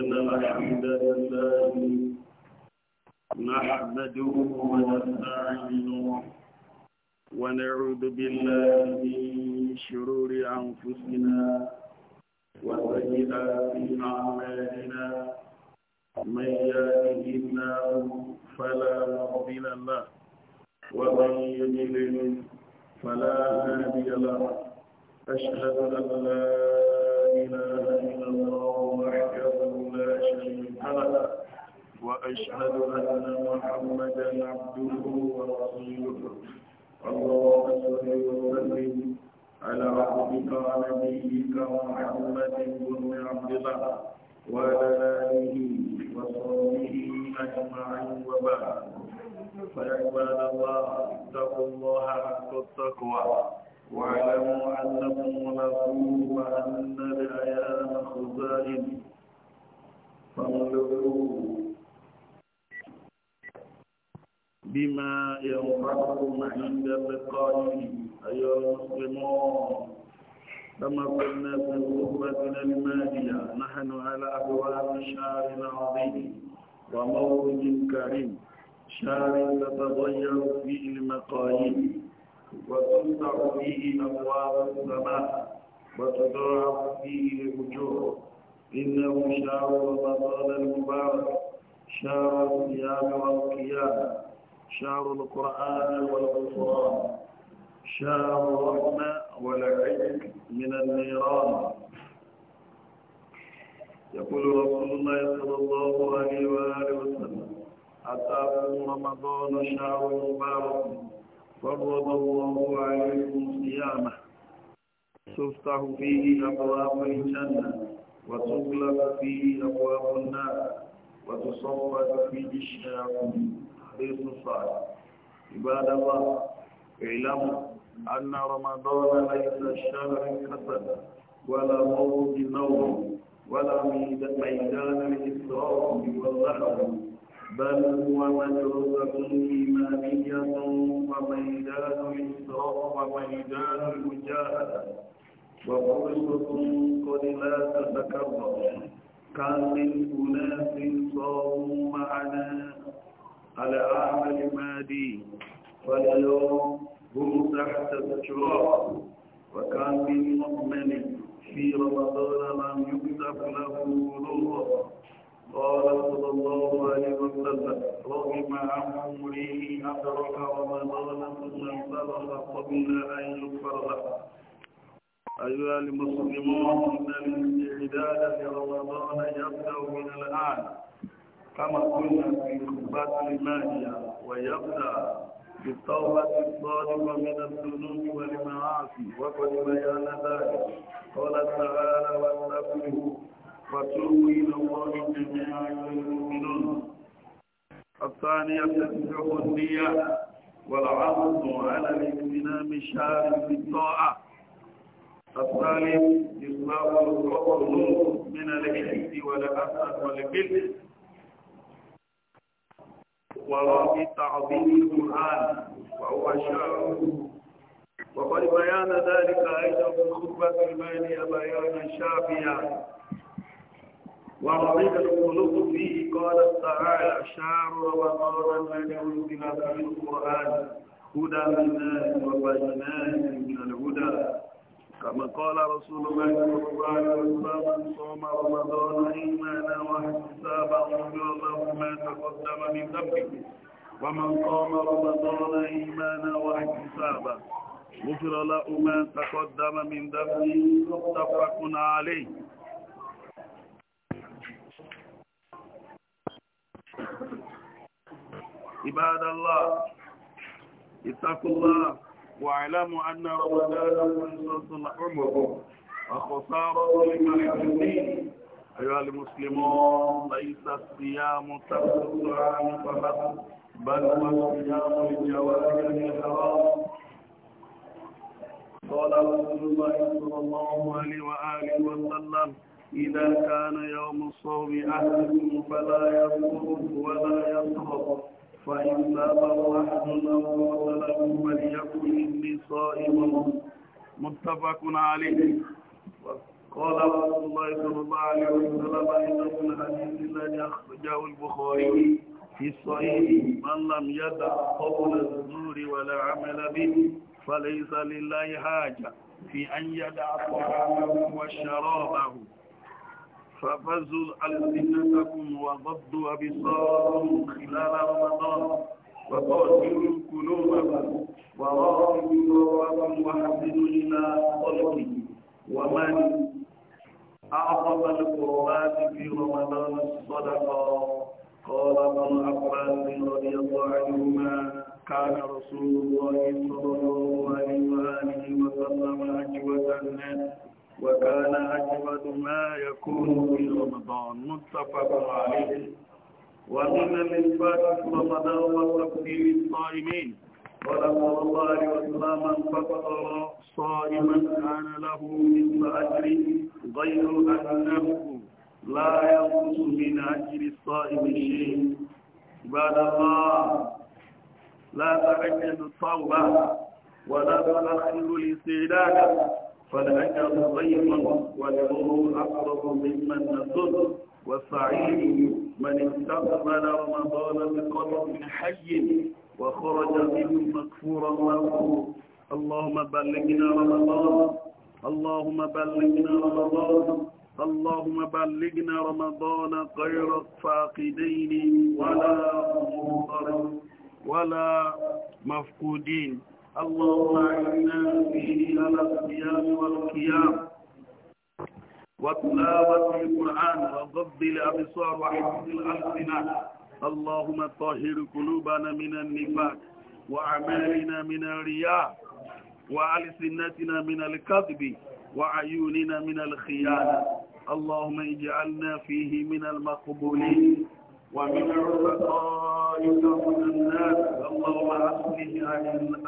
إن الحمد لله نحمده ونستعينه ونعوذ بالله من شرور أنفسنا وسيئات أعمالنا من يهده الله فلا مضل له ومن يضلل فلا هادي له أشهد أن لا إله إلا الله وأشهد أن محمدا عبده ورسوله اللهم صل وسلم على عبدك ونبيك محمد بن عبد الله وعلى آله وصحبه أجمعين وبعد فيا عباد الله اتقوا الله حق التقوى واعلموا أنكم ملاقوه وأن الحياة خزائن بما ينفعهم عند لقائه أيها المسلمون كما قلنا في خطبتنا الماضية نحن على أبواب شهر عظيم ومولد كريم شهر تتغير فيه المقاييس وتفتح فيه أبواب السماء وتضاعف فيه الأجور إنه شهر رمضان المبارك شهر الصيام والقيام شهر القرآن والغفران شهر الرحمة والعتق من النيران يقول رسول الله صلى الله عليه وآله وسلم أتاكم رمضان شهر مبارك فرض الله عليكم صيامه تفتح فيه أبواب الجنة وتغلق فيه أبواب النار وتصفد فيه الشياطين حديث صحيح عباد الله اعلموا أن رمضان ليس شهر حسنا ولا موت نوم ولا ميدان الإسراف واللحظ بل هو مدرسة إيمانية وميدان الإسراف وميدان المجاهدة وقولكم قد لا تتكرر كان من أناس صاروا معنا على أعمل مادي فاليوم هم تحت التراب وكان من مؤمن في رمضان لم يكتب له نور قال صلى الله عليه وسلم رغم عن عمره أدرك رمضان ثم انطلق قبل أن يغفر له أيها المسلمون إن الاستعداد لرمضان يبدأ من الآن كما قلنا في خطبة الماضية ويبدأ بالتوبة الصادقة من الذنوب والمعاصي وقد بيان ذلك قال تعالى واستغفره وتوبوا إلى الله جميعا المؤمنون الثانية تتبع النية والعرض على الاغتنام الشهر بالطاعة الثالث إصلاح الركن من الحد والأسد والكلب وراء تعظيم القرآن وهو شعره وقد بيان ذلك أيضا في الخطبة المالية بيانا شافيا ورضيت الخلق فيه قال تعالى شعر وقال الذي أنزل في القرآن هدى للناس وبينات من الهدى كما قال رسول الله صلى الله عليه وسلم صوم رمضان إيمانا واحتسابا غفر له ما تقدم من ذنبه ومن قام رمضان إيمانا واحتسابا غفر له ما تقدم من ذنبه متفق عليه عباد الله اتقوا الله واعلموا أن رمضانكم مسلسل عمركم وخسارة لمعرفتين أيها المسلمون ليس الصيام ترك عن فقط بل هو الصيام للجوارح الحرام قال رسول الله صلى الله عليه وآله وسلم إذا كان يوم الصوم أهلكم فلا يصوم ولا يصوم فإن أبى أحد أو قتله فليكن إني صائم متفق عليه قال رسول الله صلى الله عليه وسلم إن من حديث الذي أخرجه البخاري في الصحيح من لم يدع قول الزور ولا عمل به فليس لله حاجة في أن يدع طعامه وشرابه ففزوا ألسنتكم وضبوا أبصارهم خلال رمضان وقاتلوا قلوبكم وراءوا ضروركم وحسنوا إلى خلقه ومن أعظم القربات في رمضان الصدقة قال ابن عباس رضي الله عنهما كان رسول الله صلى الله عليه وسلم أجود الناس وكان أجود ما يكون في رمضان متفق عليه ومن الإنفاق رمضان وتقديم الصائمين ولما الله عليه وسلم من فطر صائما كان له مثل أجر غير أنه لا ينقص من أجر الصائم شيء عباد الله لا تعجل الصوبة ولا تؤخر الاستعداد فلأجر ضيقا ولهم أقرب ممن نصر وسعيد من استقبل رمضان بقلب حي وخرج منه مغفورا له اللهم بلغنا رمضان اللهم بلغنا رمضان اللهم بلغنا رمضان غير فاقدين ولا مضطر ولا مفقودين اللهم اعنا في على والقيام وتلاوة القرآن وغض الأبصار وحفظ الألسنة اللهم طهر قلوبنا من النفاق وأعمالنا من الرياء وألسنتنا من الكذب وعيوننا من الخيانة اللهم اجعلنا فيه من المقبولين ومن عرفائك من الناس اللهم أصلح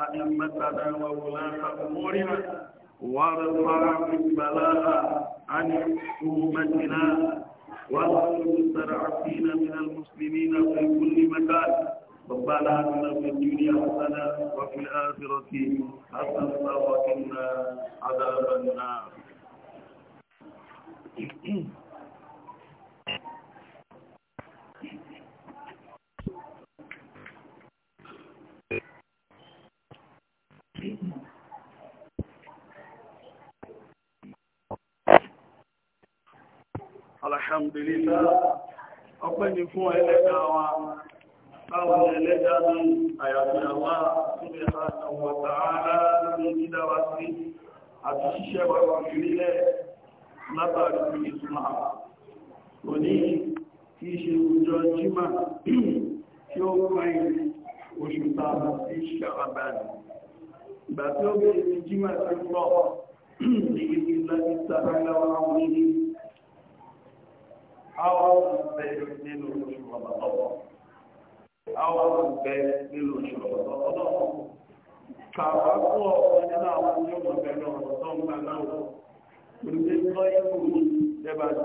أئمتنا وولاة أمورنا وارفع من بلاء عن أمتنا واغفر المستضعفين من المسلمين في كل مكان ربنا آتنا في الدنيا حسنة وفي الآخرة حسنة وقنا عذاب النار alhamdulillah ọpẹ́ ni fún ẹlẹ́dàá wa báwọn ẹlẹ́dàá ní àyàfíàwá tóbi àwọn tààrà ní dídáwà sí àti ṣíṣẹ́ wà wà nílẹ̀ látàrí ìsúnmà òní kí ṣe òjò jímà tí ó pàì oṣù ìgbà tí ó bèèrè jímà tí ó pọ̀ ní láti tààrà láwọn àwọn ìlú àwọn ń nínú oṣù ọ̀bọ̀tọ̀ àwọn ń bẹ nínú oṣù ọ̀bọ̀tọ̀ ọlọ́run kàwá fún ọ̀pọ̀ nínú àwọn tí ó mọ̀ bẹ̀rẹ̀ ọ̀bọ̀tọ̀ ń gbà náà òrùlé lọ ikú ní ẹbà ìjọ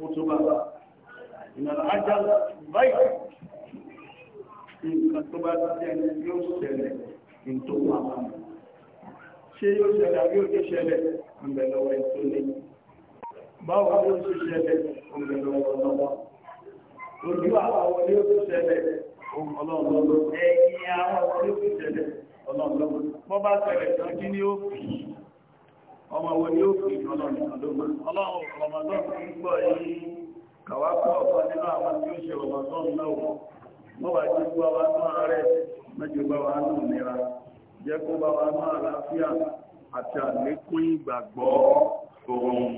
ó tó bá ajá báyìí nǹkan tó bá ti yóò ṣé yóò àbí ń tó báwo ló ti ṣẹlẹ̀ òmìnira ọlọ́wọ́ ojú àwọn ló ti ṣẹlẹ̀ ọlọ́ọ̀lọ́wọ́ ẹ̀yìn àwọn ló ti ṣẹlẹ̀ ọlọ́ọ̀lọ́wọ́ bá ṣẹlẹ̀ tán kí ó fi ọmọ ó fi ń nínú àwọn tí ó ṣe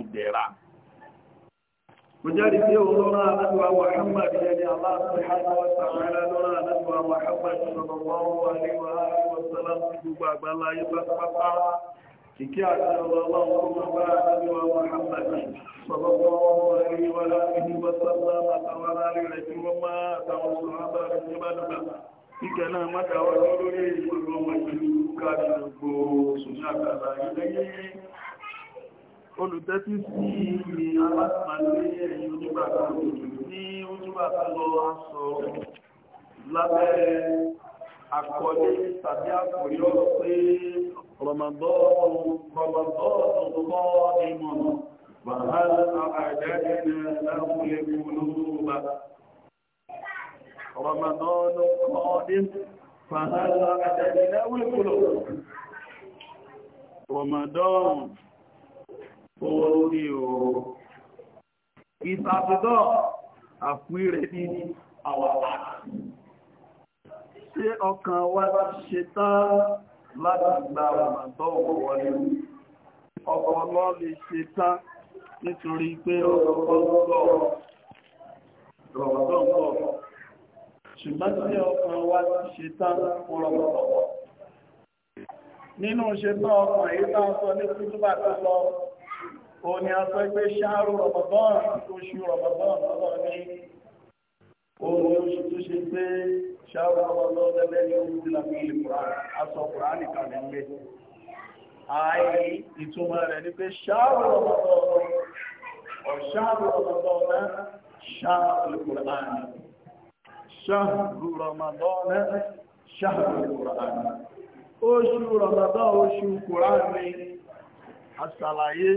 rẹ̀ mẹ́jọ bá mujari tí ó lọ́nà àdúwà Muhammad yẹni Allah subhanahu wa ta'ala lọ́nà àdúwà Muhammad sallallahu alaihi wa alihi wa sallam gbogbo àgbáláyé pátápátá ìkí àti ọlọ́lọ́wọ́ ọmọ bá àdúwà Muhammad sallallahu alaihi wa alihi wa sallam àtàwọn aráàlú rẹ̀ tí wọ́n máa àtàwọn sọ̀rọ̀ rẹ̀ tí bá dùgbà ìkẹ́ náà mọ́tàwọ́ lórí ìpolówó ìlú káàkiri gbogbo sùn olùtẹ́tí sí ìrì aláàmàlẹ́ ẹ̀yìn onígbàgbà ní ojúbà tó lọ aṣọ lábẹ́ àkọlé tàbí àkòrí ọ̀rọ̀ pé rọmọdọ́ọ̀nù rọmọdọ́ọ̀nù lọ́ ìmọ̀ wàhálà àjẹ́jẹ́ láwọn ẹgbẹ̀rún رمضان قادم فهل عددنا والقلوب رمضان orí oòrùn ìsàtúndọ̀ àpírẹ ní àwàlá ṣé ọkàn wa ṣe tán láti gba ọ̀mọ̀tọ́ wọlé ọpọlọ lè ṣe tán nítorí pé ọpọlọ rọ̀mọ̀tọ́ ṣùgbọ́n tí ọkàn wa ṣe tán fún rọ̀mọ̀tọ́ nínú ṣe tán ọkàn èyí tán sọ ní kútúbà tó ó ní a sọ pé ṣáàrù Ramadan oṣù Ramadan lọ́wọ́ ní ohun oṣù tó ṣe pé ṣáàrù Ramadan lẹ́lẹ́ ní oṣù tí láti ilé Kùránì aṣọ Kùránì kan ní ilé ààyè ìtumọ̀ rẹ̀ ni pé ṣáàrù Ramadan ọ̀ṣáàrù Ramadan ṣáàrù Kùránì ṣáàrù Ramadan ṣáàrù Kùránì oṣù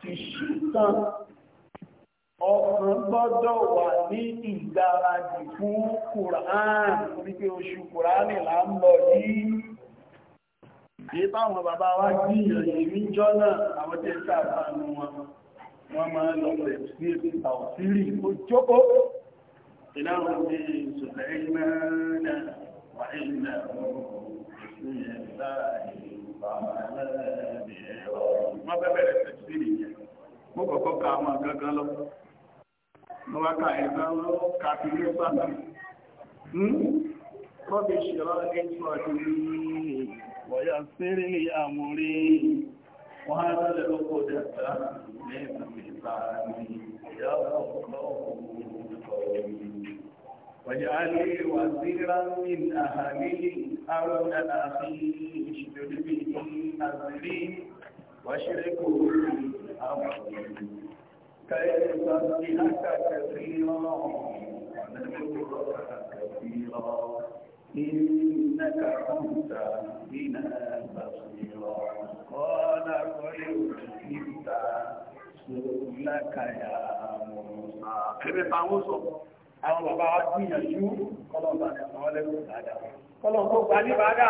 ti ṣùtàn ọkàn gbọ́dọ̀ wà ní ìgbáradì fún kùrán wípé oṣù kùránì là ń lọ yìí èyí táwọn bàbá wa gbìyànjú èmi jọ náà àwọn tẹ́ sàbánú wọn wọ́n máa lọ rẹ̀ sí ìpínlẹ̀ nìyẹn mo kọ́kọ́ ka àwọn kankan lọ mo ka lọ ka fi hmm? ní sànà rọ́bì ṣẹlá ní sọ́ọ̀dì wọ̀yà sírí ní àmúrí wọ́n á lọ́lẹ̀ lọ́pọ̀ dẹ̀ta ní ìsìnkú ìyá ọ̀pọ̀ واجعلي وزيرا واشركوا في أمري كي نسبحك كثيرا ونذكرك كثيرا إنك كنت بنا بصيرا قال قل كنت سؤلك يا موسى ẹgbẹ́ táwọn sọ àwọn bàbá wa gbìyànjú kọlọ̀ọ̀bà ní àwọn ọlẹ́gbẹ̀ẹ́ dáadáa kọlọ̀ọ̀bà ní bàdá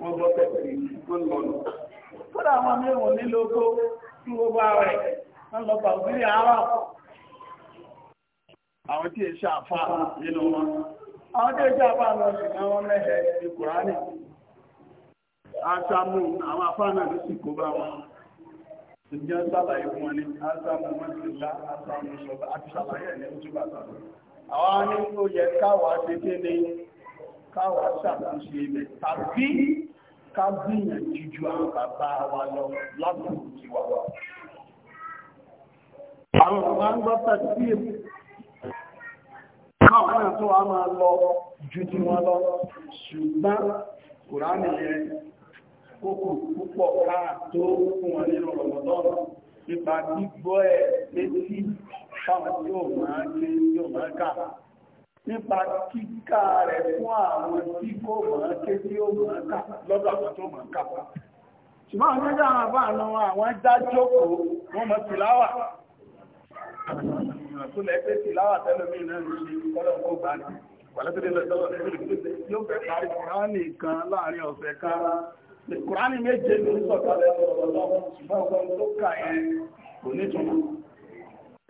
wọ́n gbọ́ pẹ̀lú ìgbóngbọ̀nù kódà àwọn mẹ́wọ̀n nílò tí gbogbo ààrẹ wọ́n lọ pàwùsílẹ̀ àárọ̀ àwọn tí èṣà àfà nínú wọn àwọn tí èṣà àfà lọ sí àwọn mẹ́hẹ̀ ní kùránì aṣàmù àwọn náà ló sì kó bá wọn ìjọ sàlàyé fún wọn ní aṣàmù mọ́sílá aṣàmù ṣọba àti sàlàyé ẹ̀ ní ojú bàtà àwọn ní ó yẹ káwàá ṣe kéde ibẹ̀ tàbí ká gbìyànjú ju àwọn bàbá wa lọ lásìkò tiwa wa. Àwọn bàbá ń gbọ́ tàbí sí èmi. Káwọn náà tó wá máa lọ ju ti wọn lọ. Ṣùgbọ́n Kùránì yẹn kókò púpọ̀ káà tó fún wọn nínú Rọ̀mọ̀dọ́nà nípa gbígbọ́ ẹ̀ létí káwọn yóò máa gbé yóò máa kà nípa kíkà rẹ̀ fún àwọn tí kò mọ̀ ké tí ó mọ̀ ká lọ́dọ̀ àwọn tó mọ̀ ká ṣùgbọ́n àwọn jẹ́jẹ́ àwọn àbá àna àwọn dájókòó wọ́n mọ̀ tìláwà tó lẹ́ pé tìláwà tẹ́lómi náà ń ṣe kọ́lọ̀ kó gbà ní pàlẹ́tẹ́lẹ́ lọ́dọ̀ yóò fẹ́ parí kùránì kan láàrin ọ̀sẹ̀ kan kùránì méje ló ń sọ̀tọ̀ lẹ́sọ̀rọ̀ lọ́wọ́ ṣùgbọ́n ọgbọ́n tó kà yẹn kò nítumọ̀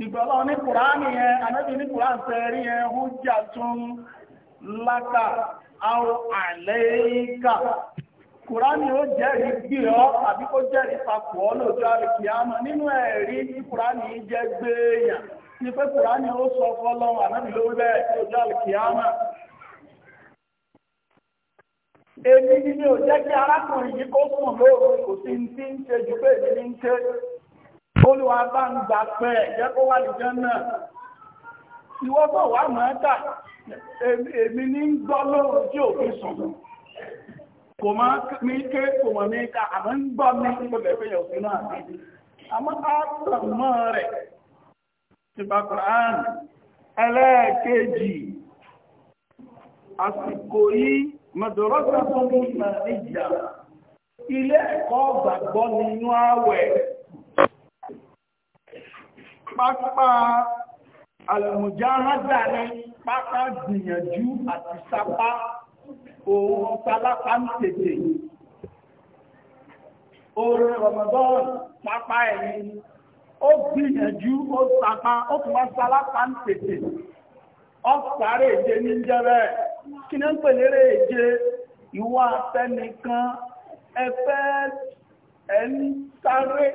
ìgbọ̀lọ́ ní kùránì yẹn anábì ní kùránì tẹ́rí yẹn ó jà tún láta àwọn àlẹ́ẹ́kà kùránì ó jẹ́rìí gbì ọ́ àbí kó jẹ́rìí papọ̀ ọ́ lójú àríkìámọ̀ nínú ẹ̀rí tí kùránì jẹ́ gbéèyàn ní pé kùránì ó sọ fọ́lọ́run ànábì ló bẹ́ẹ̀ lójú àríkìámọ̀ èmi ni mi ò jẹ́ kí arákùnrin yìí kó sùn lóòrùn kò sí ní olùwà bá ń gbà pẹ́ jẹ́ kó wà lìjọ́ náà ìwọ́ bọ̀ wà máa èmi ní gbọ́ lóòrùn tí òfin sùn kò ké kò mọ̀ ní ká àmọ́ ń gbọ́ ní ìpínlẹ̀ òfin náà àti àmọ́ àtàmọ́ rẹ̀ ti bá Kùrán ẹlẹ́ẹ̀kejì àsìkò pápá àlùmùjáradà ní pápá gbìyànjú àti sápá òun tálápá ń tètè orin Ramadan pápá ẹ̀yìn ó gbìyànjú ó sápá ó tún wá sálápá ń tètè ọ̀sáré èdè ní jẹ́rẹ̀ kí ní ń pè lérè èdè ìwà àtẹnìkan ẹfẹ́ ẹ̀ ń sáré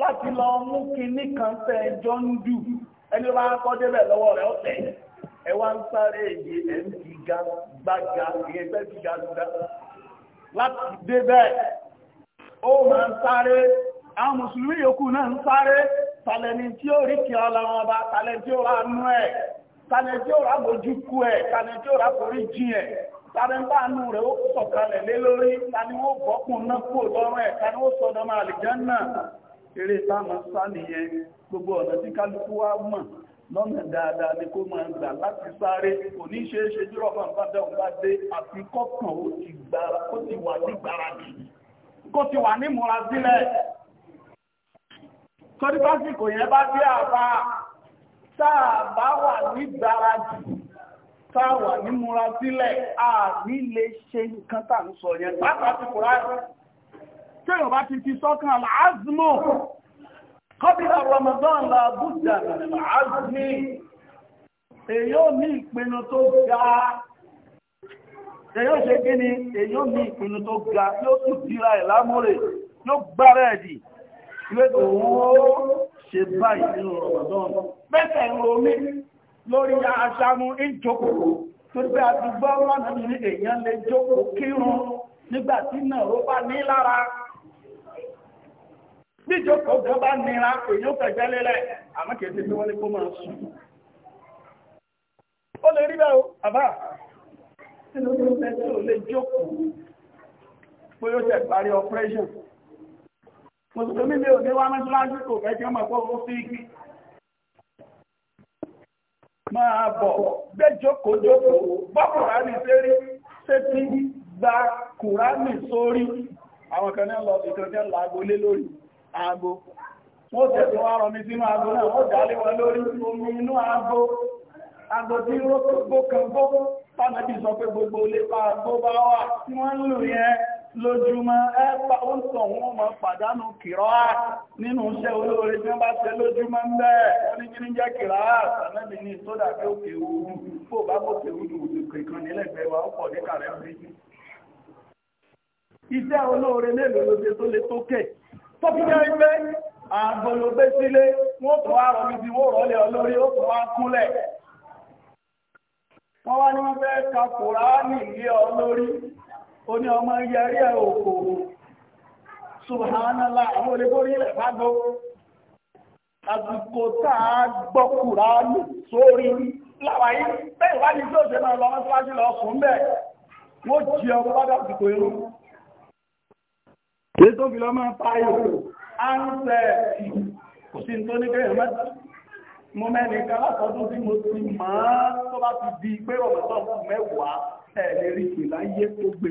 láti lọ mú kinní kan tẹ ẹjọ́ ń dù ẹni bá kọ́ débẹ̀ lọ́wọ́ rẹ̀ ọ̀tẹ̀ ẹ wá ń sáré èyí ẹ̀ ń fi ga gbága ìyẹn fẹ́ fi ga gbá láti débẹ̀ ó máa ń sáré àwọn mùsùlùmí yòókù náà ń sáré tàlẹ́ni tí ó rí kí ọlọ́run ọba tàlẹ́ni tí ó rà nú ẹ̀ tàlẹ́ni tàbíntàánú rẹ̀ ó sọ̀kalẹ̀ lé lórí tàbí ó bọ́kùn náà kú lọ́rùn ẹ̀ tàbí ó sọ́dọ̀mà àlìjánà eré táàmà sáníyẹn gbogbo ọ̀nà tí kálukú wá mọ̀ lọ́nà dáadáa ni kó máa gbà láti sáré kò ní ṣe é ṣe jùlọ bá bá dẹ̀wọ̀n bá dé àti kọ́kàn ó ti gbára kó ti wà ní gbáradì kó ti wà ní múra sílẹ̀ torí básìkò yẹn bá dé àbá táà bá wà ní gbáradì táwà ní múra sílẹ̀ à nílé ṣe nǹkan tà ń sọ yẹn látàtí kò ráyẹ̀ tẹ́yọ̀ bá ti fi sọ́kàn láàzmù kọ́bílá Ramadan làbújá láàzmì èyí ò ní ìpinnu tó ga èyí ṣe kí ni èyí ò ní ìpinnu tó ga yóò tún dira ẹ̀ lámúrè yóò gbára ẹ̀dì ìwé òun ó ṣe báyìí nínú Ramadan bẹ́ẹ̀ lórí aṣámú ìjókòó tó gbé àdúgbò lọ́nà ní èèyàn lè jókòó kírun nígbà tí náà ó bá ní lára bí ìjókòó gan bá nira èyí ó fẹ̀gbẹ́ lélẹ̀ àmọ́ kìí ṣe tí wọ́n ní kó máa sùn ó lè rí bẹ́ẹ̀ o àbá tí ló ń fẹ́ tí ò lè jókòó pé ó ṣe parí operation mùsùlùmí mi ò ní wá mẹ́sàlájú kò fẹ́ kí wọ́n mọ̀ pé ó fi máa bọ̀ gbẹ́jókòójókòó bọ́ kùránì sérí sétí gba kùránì sórí àwọn kan ní lọ ìkan jẹ́ láago lé lórí aago wọ́n wá mi sínú aago náà wọ́n dálé wọn lórí omi inú aago aago tí kan gbogbo pa bá wà tí yẹn lójúmọ́ ẹ́pà ó sọ wọ́n mọ̀ pàdánù kìrọ́ nínú iṣẹ́ olóore tí wọ́n bá tẹ lójúmọ́ ń bẹ́ oníkíní jẹ́ kìrọ́ àtàlẹ́bì ní sódà pé ó kéwú fò bá kó kéwú ní òdòkè kan nílẹ̀gbẹ̀ẹ́ wa ó pọ̀ ní kàrẹ́ orí iṣẹ́ olóore mélòó ló ṣe tó lè tókè tó fi jẹ́ wípé àgbòlò gbé sílé wọ́n tó wá rọ̀ níbi wọ́n rọ̀lẹ́ olórí ó tó wá kúnlẹ̀ wọ́n wá ní wọ́n fẹ́ ka Kùránì lé olórí ó ní ọmọ yẹrí ẹ̀ òkò subhanallah àwọn olébórí rẹ̀ bá gbọ́ àsìkò tá a gbọ́ Kùránì sórí láwàáyé bẹ́ẹ̀ wá ní tí ó ṣe máa lọ mọ́síwájú lọ fún bẹ́ẹ̀ wọ́n jí ọmọ bá dàsìkò irú èyí tó fi lọ máa pa ìrù áńsẹ̀ kò sí tó ní bẹ́ẹ̀ mo mẹ́rin kan tí mo ti máa tó bá ti di pé rọ̀mọ́tọ́ mẹ́wàá ẹ̀ẹ́lẹ́rìí láyé tó gbé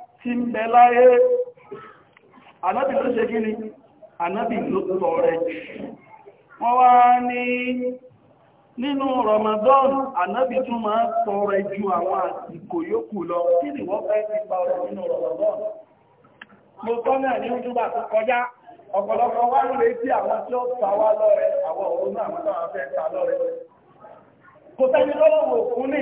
tí ń bẹ láyé ànábì ló ṣe gíní ànábì ló tọ rẹ wọ́n wá ní nínú Ramadan ànábì tún máa tọ rẹ ju àwọn àsìkò lọ kí ni wọ́n fẹ́ nínú Ramadan mo tọ́ náà ní ojúbà tó kọjá ọ̀pọ̀lọpọ̀ wá ń retí àwọn tí ó ta wá àwọn òun náà wọ́n fẹ́ ní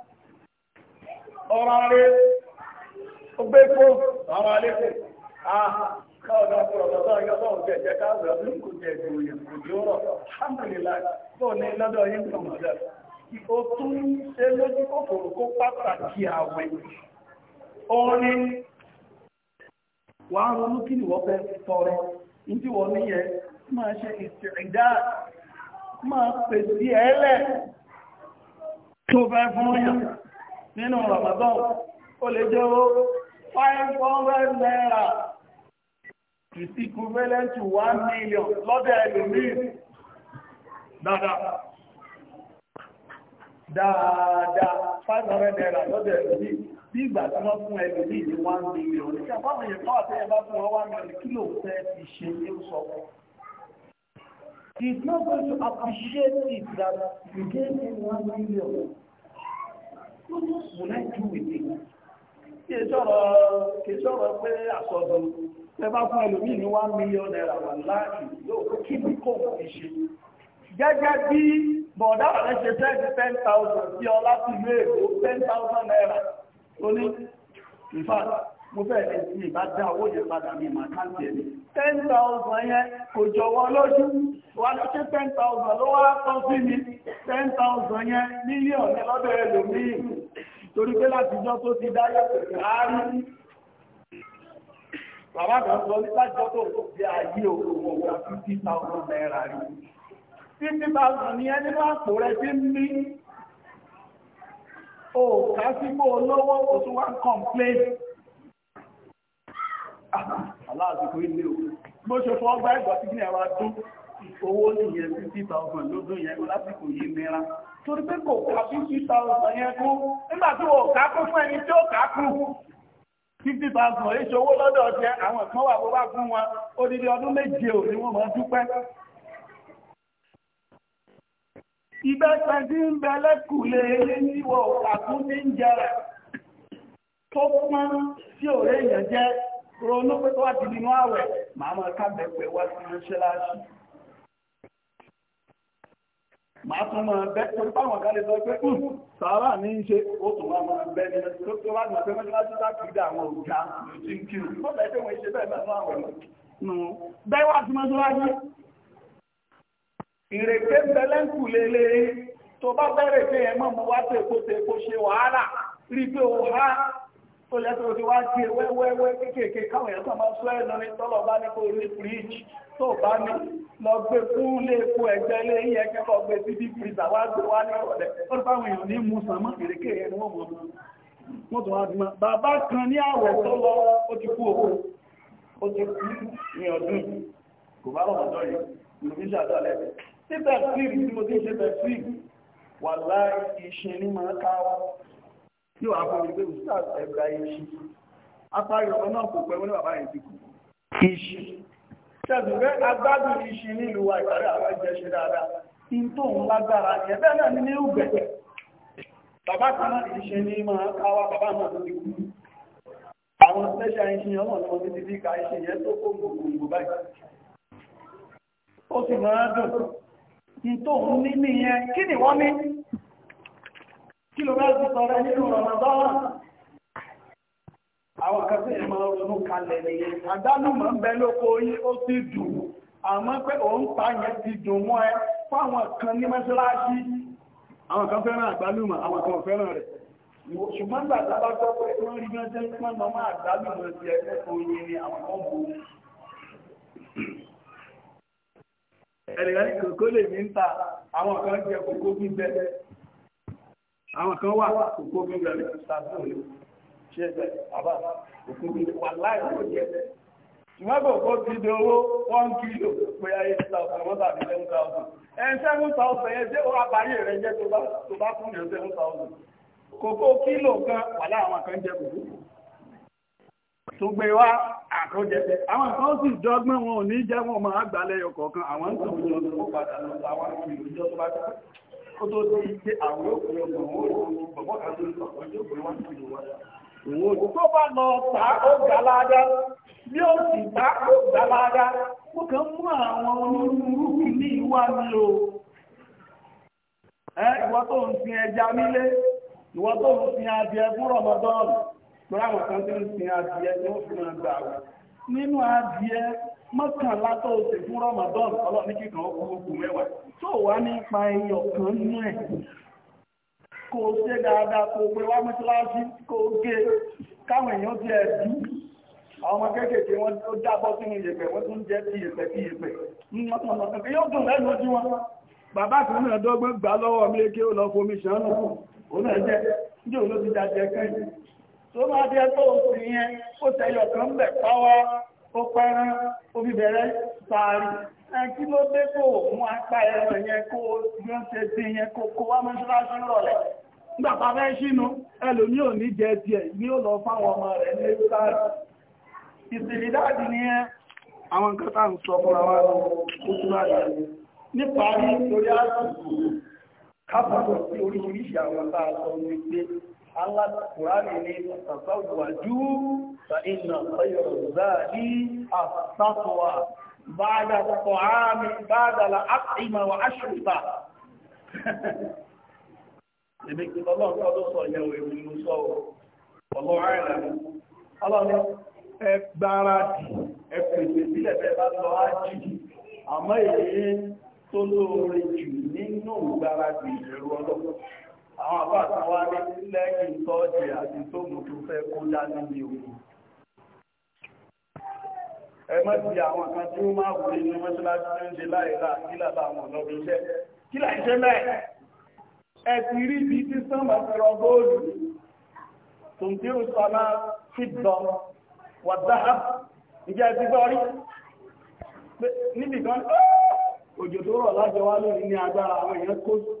ọ̀rọ̀ rẹ̀ ó gbé kó ọ̀rọ̀ rẹ̀ kò káwọn ọ̀pọ̀lọpọ̀ lọ́dọ̀ yọ lọ́wọ́ jẹ́ jẹ́ káwọn ọ̀dọ́ kò jẹ́ ju òyìn kò jẹ́ ọ̀rọ̀ alhamdulillah nínú Ramadan ó lè jẹ́ ó five hundred naira is equivalent to one million lọ́dọ̀ ẹlòmíì dáadáa dáadáa five hundred naira lọ́dọ̀ ẹlòmíì bí ìgbà tí wọ́n fún ẹlòmíì ní one million ní ṣàpáwọn èèyàn kọ́ àtẹ́yẹ bá fún wọn one million kí ló fẹ́ fi ṣe ní ó sọ He's not going to appreciate it that you gave him one million mo náà ju ìdí kì í sọ̀rọ̀ kì í sọ̀rọ̀ pé àsọdùn ẹ bá fún ẹlòmíì ní one million naira wà láàyè yóò kí ní kò fi ṣe gẹ́gẹ́ bí bọ̀dá rẹ̀ ṣe sẹ́ẹ̀dì ten thousand sí ọ láti ilé èkó ten thousand naira tó ní in fact mo fẹ́ lè sí ìbá dá owó yẹn padà ní màkáǹtì ẹ̀mí. ten thousand yẹn kò jọ̀wọ́ lójú wà ló ṣe ten thousand ló wá tán sí mi ten thousand yẹn mílíọ̀nù lọ́dọ̀ ẹlòmíì torí pé látijọ́ tó ti dáyé pẹ̀lú àárín bàbá kan sọ nígbàjọ́ tó tó fi ayé òkòwò ọ̀gá fifty thousand naira rí fifty thousand yẹn nínú àpò rẹ̀ ti ń mí o kásìkò olówó o tún wá ń complain aláàzùkú ilé o bó ṣe fọ́ ọgbà ẹgbà tí ní ẹwà dún owó nìyẹn 50,000 lódún yẹn lásìkò yìí mẹ́ra torí pé kò ká 50,000 yẹn kú nígbà tí wọ́n ká kún fún ẹni tí ó ká kú 50,000 èso owó lọ́dọ̀ jẹ àwọn kan wà bó bá fún wọn odidi ọdún méje ò ní wọ́n mọ̀ dúpẹ́ ìbẹ́sẹ̀ tí ń bẹ lẹ́kùlé ilé níwọ̀ àkúndínjẹ rẹ̀ tó pọ́n tí òré yẹn jẹ́ ronú pé tó wà ti nínú àwẹ̀ màá máa kábẹ̀pẹ̀ wá sí mọ́ṣáláṣí màá tún máa bẹ́ tó báwọn kálẹ̀ sọ pé hmm, ń sàárà ní í ṣe ó tún máa máa bẹ́ ní tó tó bá gbọ́n pé mọ́ṣáláṣí láti dá àwọn òjá ló ti tó bẹ́ẹ̀ tó wọ́n ṣe bẹ́ẹ̀ bẹ́ẹ̀ náà wẹ̀ nù bẹ́ẹ̀ wá sí mọ́ṣáláṣí ìrèké bẹ́lẹ́ǹkù lélẹ́yìn tó bá bẹ̀rẹ̀ pé ẹ mo wá tó èkó tó èkó ṣe wàhálà rí pé o há tó lẹ́tọ́ ti wá tí wẹ́wẹ́wẹ́ kéèkéé káwọn èèyàn tó máa sọ ẹ̀nà ní tọ́lọ̀ bá ní kó ní fíríjì tó bá ní lọ gbé fún lé epo ẹgbẹ́ lé yẹ kẹ́kọ̀ọ́ gbé sí bí fíríjà wá gbé wá ní ọ̀rẹ́ ó ní báwọn èèyàn ní mú sàmọ́ ìrèké yẹn ni wọ́n mọ̀ mọ́ wọ́n tún wá dùn mọ́ bàbá kan ní àwẹ̀ tó lọ ó ti kú owó ó ti kú ní ọdún kò bá lọ́mọdọ́ yìí lùmí ṣàdọ́lẹ̀ síbẹ̀ fíìmù tí mo ti ṣe bẹ̀ fíìmù wà láì ìṣe ní máa káwọ́ tí wàá fún mi pé òṣìṣẹ́ ẹ̀gbà iṣu apárí ọmọ náà kò pẹ́ wọ́n ní bàbá yẹn ti kù iṣu ṣẹ̀dùn pé agbádùn iṣu nílùú wa ìparí àwọn ẹ̀jẹ̀ ṣe dáadáa in tó ń lágbára yẹn bẹ́ẹ̀ náà ní ní ìgbẹ̀ bàbá kan náà kì í ṣe ní máa káwá bàbá náà tó ti kú àwọn special engineer náà ni wọ́n ti ti fi ka iṣẹ́ yẹn tó kó gbogbo báyìí ó sì máa dùn in tó ń ní kí ló bá ti sọ̀rọ̀ nínú Ramadan àwọn kan sí ìmọ̀ ronú kalẹ̀ nìyẹn àdánù mọ̀ ń bẹ lóko yí ó ti dùn àmọ́ pé pa yẹn ti kan ní àwọn kan kan fẹ́ràn rẹ̀ ṣùgbọ́n bá gbọ́ pé wọ́n rí jẹ́ pọ́n máa ti ẹgbẹ́ ni àwọn kan bò kó lè ní ń ta àwọn kan wà òkú omi rẹ̀ ṣàtò lè ṣe òkú omi wà jẹ ẹgbẹ́ kó ti di owó one kilo pé ayé ti tàbí seven thousand ẹn seven thousand yẹn ṣé ó rẹ tó bá tó bá seven thousand kòkó kílò kan wà láwọn kan jẹ kòkó tó gbé àwọn kan sì wọn ò ní wọn máa àwọn ń ó tó ti ṣe àwọn òkúrẹ́ òun tó bá lọ ta ó gàlága bí ó sì ta ó gàlága ó kàn mú àwọn onírúurú ní ìwà mi o ẹ ìwọ tó ń sin ẹja nílé ìwọ tó ń sin adìẹ fún rọmọdọ́ọ̀nù pẹ̀lú àwọn kan tó ń sin adìẹ ni ó fi máa gbà wọ nínú adìẹ mọ́kànlá tó ṣe fún Ramadan ọlọ́ ní kíkàn ọkùnkùn mẹ́wàá tó wá nípa ẹyọ kan nú ẹ̀ kò ṣe dáadáa kò pé wá mọ́ṣáláṣí kò gé e, káwọn èèyàn ti ẹ̀dú àwọn ọmọ kéékèèké wọn tó dábọ́ sínú ìyẹ̀pẹ̀ wọ́n tún jẹ́ ti ìyẹ̀pẹ̀ sí ìyẹ̀pẹ̀ yóò dùn lẹ́nu ojú wọn bàbá kan náà dọ́gbọ́n gbà lọ́wọ́ mi kí ó lọ fomi ṣàánù òun náà jẹ́ ní òun ló tó máa jẹ́ tó sì yẹn ó tẹyọ kan bẹ̀ pàwọ́ ó pẹ́rán ó fi bẹ̀rẹ̀ sàárì kí ló dé kó mú apá ẹ̀rọ yẹn kó yóò ṣe sí yẹn kó kó wá mọ́ṣáláṣí rọ̀lẹ́ nígbà tá a fẹ́ ṣínú ò ní jẹ tiẹ̀ ní ó lọ fáwọn ọmọ rẹ̀ ní sáré ìsìnlẹ̀dáàdì ẹ àwọn nǹkan tá ń sọ fúnra lọ nípa ní Allah Kùránì ní tàtàwàjú fa iná ọ̀yọ̀ záàdí àtàtàwà báadà tọ̀tọ̀ àmì báadà láàpìmà wà áṣùgbà. Èmi kí ọlọ́run tó sọ ìyẹ̀wò èmi ló sọ ọ̀lọ́ àìlànà. Ọlọ́run ẹ gbáradì ẹ pèsè sílẹ̀ bẹ́ẹ̀ bá lọ ájì. Àmọ́ èyí tó lóore jù nínú ìgbáradì ìrù ọlọ́run àwọn àbáàtà wá ní lẹ́yìn tọ́ọ̀dì àti tó mú tó fẹ́ kó dání ní òkú ẹ má ti àwọn kan tí ó máa wùlé ní mọ́ṣáláṣí tó ń ṣe láìlá kílà láwọn ọ̀nà iṣẹ́ kílà iṣẹ́ mẹ́ ẹ ti rí bí tí sánmà ti rọ góòlù tó ń tí ó sọmá fìdọ̀ wà dáhà ìjẹ́ ti gbọ́ rí níbìkan òjò tó rọ̀ lájọ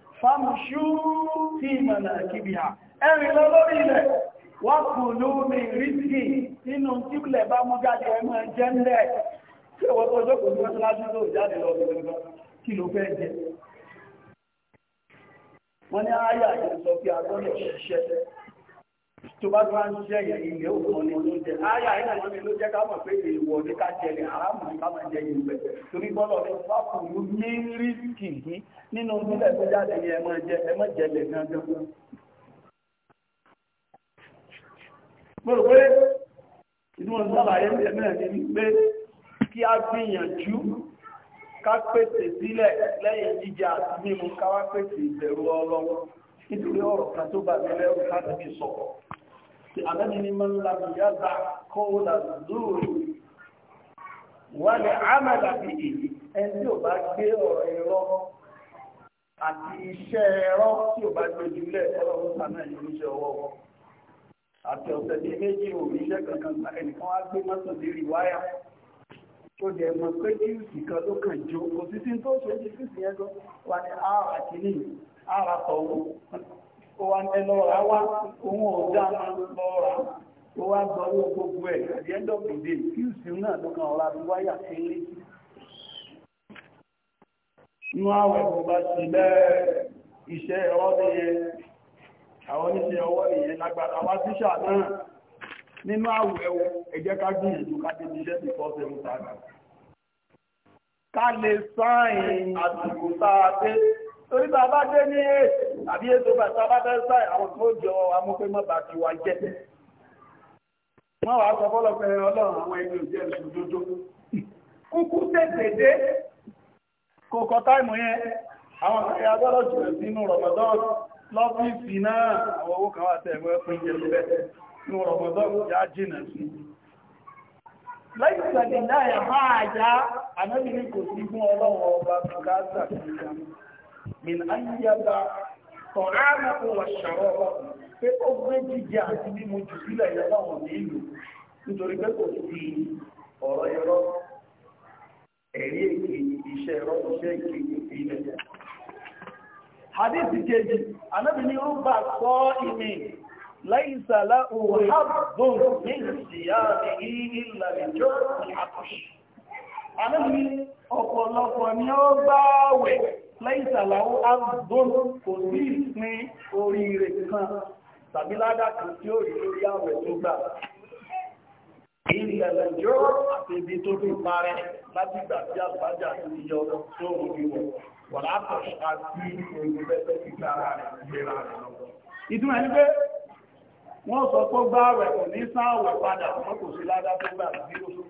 fámṣú tí ìmọ̀nà kìbìhà ẹ̀rìn lọ lórí ilẹ̀ wọ́n kù lómi rísìkì nínú tí ilẹ̀ bá mú jáde ẹmọ jẹ́ ńlẹ̀ tí ìwọ́n tó jókòó ní wọ́n lájú ló jáde lọ kí ló fẹ́ jẹ wọ́n ní ayé àyè tó bá tó bá ń ṣe ẹ̀yẹ̀ ilẹ̀ òkun ni ló jẹ́ ayà ilẹ̀ wọn ni ló jẹ́ ká mọ̀ pé èèwọ̀ ní ká jẹlẹ̀ aráàmù ní ká máa jẹ ìgbẹ̀ torí bọ́lọ̀ ní fákùnrú ní rísìkì yìí nínú ìpínlẹ̀ tó jáde ní ẹmọ jẹ ẹmọ jẹlẹ̀ gangan mo rò pé inú ọdún àlàyé ẹ̀mẹ́rin ni pé kí a gbìyànjú ká pèsè sílẹ̀ lẹ́yìn jíjẹ àti mímu ká wá pèsè ìbẹ̀rù Ọlọ́run nítorí ọ̀rọ̀ kan tó bá mi lẹ́rù láti sọ tí àdáni ní máa ń la mi yá gbà kó la zúrù wà ní àmàlà bí èyí ẹni tí ò bá gbé ọ̀rọ̀ ẹ̀rọ àti iṣẹ́ ẹ̀rọ tí ò bá gbé jùlẹ̀ ọlọ́run sànà yìí níṣẹ́ ọwọ́ àti ọ̀sẹ̀ bíi méjì òníṣẹ́ kankan ẹnìkan wá gbé mọ́tò lérí wáyà ó jẹ mọ̀ pé kíùsì kan ló kàn jó kò tó ṣe é yẹn gan wà ní ah, ààrẹ kìíní ara tọ̀wọ́ ó wá ní lọ́ra wá ohun ọ̀dá máa lọ́ra ó wá gbọ́rọ̀ gbogbo ẹ̀ at the end of the day fíùsì náà ló kan ọ̀rá bí wáyà sí ilé inú àwẹ̀ kò bá sí lẹ́ iṣẹ́ ẹ̀rọ nìyẹn àwọn oníṣẹ́ ọwọ́ nìyẹn lágbára wá tíṣà náà nínú àwẹ̀ ẹ jẹ́ ká gbìyànjú ká dé iṣẹ́ ti fọ́ sẹ́mú tààdà ká lè sáìn àsìkò tá dé torí bàbá dé ní àbí ètò bàtà bá fẹ́ sáì àwọn tó jọ amúpémọ́ bá ti wà jẹ́ wọ́n wàá sọ fọ́lọ́pẹ́ ọlọ́run àwọn ẹni òjì ẹ̀sùn dúdú kúkú tètè dé kò kọ táìmù yẹn àwọn àyà agbọ́dọ̀ jùlọ sínú rọ̀mọ̀dán lọ́fíìsì náà àwọn owó kan wà tẹ̀ ẹ̀wọ́ ẹ̀kún jẹ́ lóbẹ̀ nínú rọ̀mọ̀dán já jìnà sí lẹ́yìn ìgbàgbẹ̀ ẹ̀ máa yá ànábìrin kò sí fún ọlọ́run ọba bùkátà kìí min ayyaba ta'amakum wa sharabakum pé ó gbé jíjẹ àti mímu jù sílẹ̀ yọlá wọn nílò nítorí pé kò sí ọ̀rọ̀ ẹ̀rọ ẹ̀rí èké iṣẹ́ ẹ̀rọ iṣẹ́ èké ìpínlẹ̀. hadith kejì anábì ní rúbà sọ ìmì láìsà láhù hábùn ní lẹ́yìn ìsàlàwó àdún kò sí ìpín oríire kan tàbí ládà kan tí ó rí lórí àwẹ̀ tó gbà ìlẹ̀lẹ̀ yóò àti ibi tó fi parẹ́ láti gbà tí àgbájá ti yọ tó rí wọ̀ wà látọ̀ àti orí pẹ́pẹ́ kíkà rẹ̀ gbéra rẹ̀ lọ. ìtumọ̀ ní pé wọ́n sọ pé gbáwẹ̀ kò ní sáwẹ̀ padà wọ́n kò sí ládà gbà sí oṣù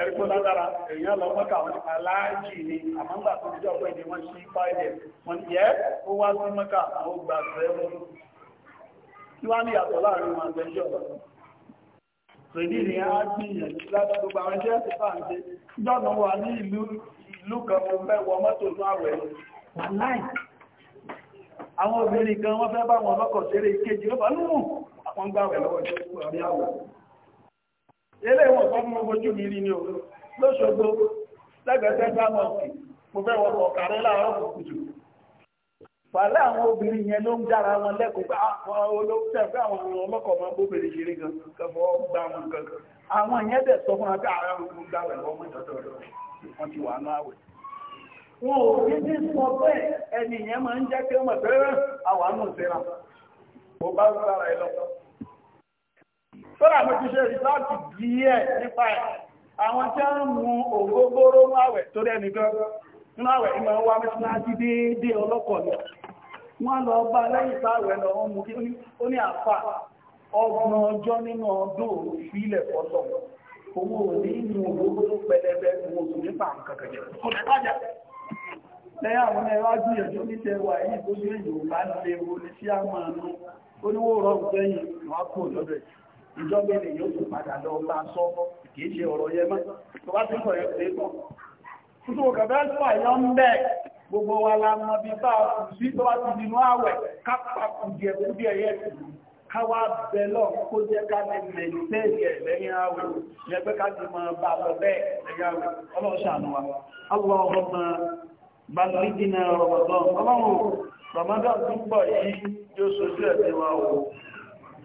ẹ̀rígbó látara èèyàn lọ mọ́ta wọn aláàjì ni àmọ́gbà tó jọ pé ní wọ́n sí fáìlẹ̀ wọn yẹ́ ó wá sí mọ́ta àwọn ògbà fẹ́wọ́n kí wá ní ìyàtọ̀ láàrin wọn àgbẹ́jọ́ pẹ̀lú ni a gbìyànjú láti gbogbo àwọn iṣẹ́ ti fà ń ṣe jọ́nà wà ní ìlú ìlú kan mo mẹ́wọ mọ́tò ní àwẹ̀ láì àwọn obìnrin kan wọ́n fẹ́ bá wọn lọ́kọ̀ ṣeré ìkejì ló bá lóhùn àwọn gbàwẹ̀ lọ́wọ́ eléwọ̀n kan mọ́ ojú mi rí ni o lóṣogbo lẹ́gbẹ̀ẹ́sẹ̀ sámọ̀sì mo fẹ́ wọ ọ̀kàrẹ́ láàárọ̀ pàlẹ́ àwọn obìnrin yẹn ló ń dára wọn lẹ́kọ̀ọ́ àwọn pé àwọn ọlọ́kọ̀ máa ṣeré gan gbà wọn àwọn yẹn dẹ̀ sọ fún ń dáwẹ̀ lọ́mọ ìdọ́dọ̀ rẹ̀ wọ́n ti wà wọn ò ní sọ pé yẹn máa ń jẹ́ sọ́dà mo ti ṣe rìsáàtì díẹ̀ nípa ẹ̀ àwọn tí ń mu ògógóró máwẹ̀ tó dẹ́ni gan máwẹ̀ ìmọ̀ wa mẹ́sàájì déédéé ọlọ́kọ̀ ni wọ́n lọ bá lẹ́yìn sáwẹ̀ lọ wọ́n mú kí ó ní àfà ọgbọ̀n ọjọ́ nínú ọdún owó òní ògógóró pẹlẹbẹ lẹ́yìn àwọn ní yìí tó yorùbá lè wo ní sí ìjọ mẹ́rin yóò tún padà lọ bá sọ kìí ṣe ọ̀rọ̀ yẹ mọ́ tó bá ti sọ̀rọ̀ ẹ̀kọ́ ẹ̀kọ́ tuntun kẹfẹ́ sọ ìyọ́ ń bẹ́ gbogbo wa la mọ bí bá sí tó bá ti àwẹ̀ kápá kùdìẹ̀ kùdìẹ̀ káwá bẹ lọ kó jẹ́ ká lẹ́yìn àwẹ̀ pé ká ti bá lọ bẹ́ẹ̀ lẹ́yìn àwẹ̀ ọlọ́run yóò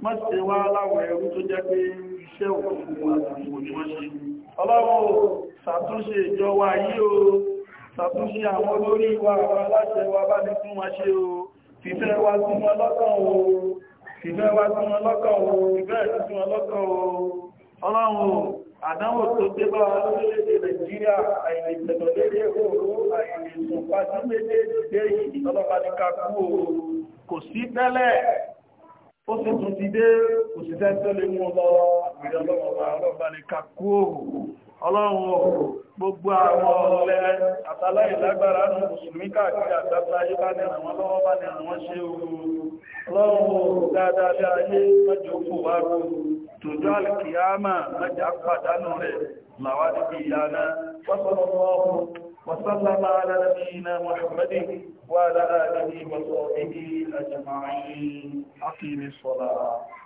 wọ́n ti wá láwọn ẹrú tó jẹ́ pé iṣẹ́ òkùnkùn wọn ni wọ́n ṣe ọlọ́run ṣàtúnṣe ìjọ wa yìí o ṣàtúnṣe àwọn olórí wa àwọn aláṣẹ wa bá ní fún wa ṣe o fìfẹ́ wa sí wọn lọ́kàn o fìfẹ́ wa sí wọn lọ́kàn o fìfẹ́ sí wọn lọ́kàn o ọlọ́run àdánwò tó dé bá lórílẹ̀-èdè nàìjíríà àìlètẹ̀lọ́lẹ́rẹ́ òòrùn àìlèsùn pàtí méjèèjì dé yìí ọlọ́pàá ní kakú o kò sí tẹ́lẹ̀ ó sì tún ti dé òṣìṣẹ́ tó lè mú lọ ìrọlọ́wọ́ gbogbo àwọn ọlẹ́ àtàláì lágbára ní mùsùlùmí káàkiri àgbàgbà ayé bá ní àwọn lọ́wọ́ bá àwọn ṣe ọlọ́run dáadáa ayé وسلم على نبينا محمد وعلى آله وصحبه أجمعين أقيم الصلاة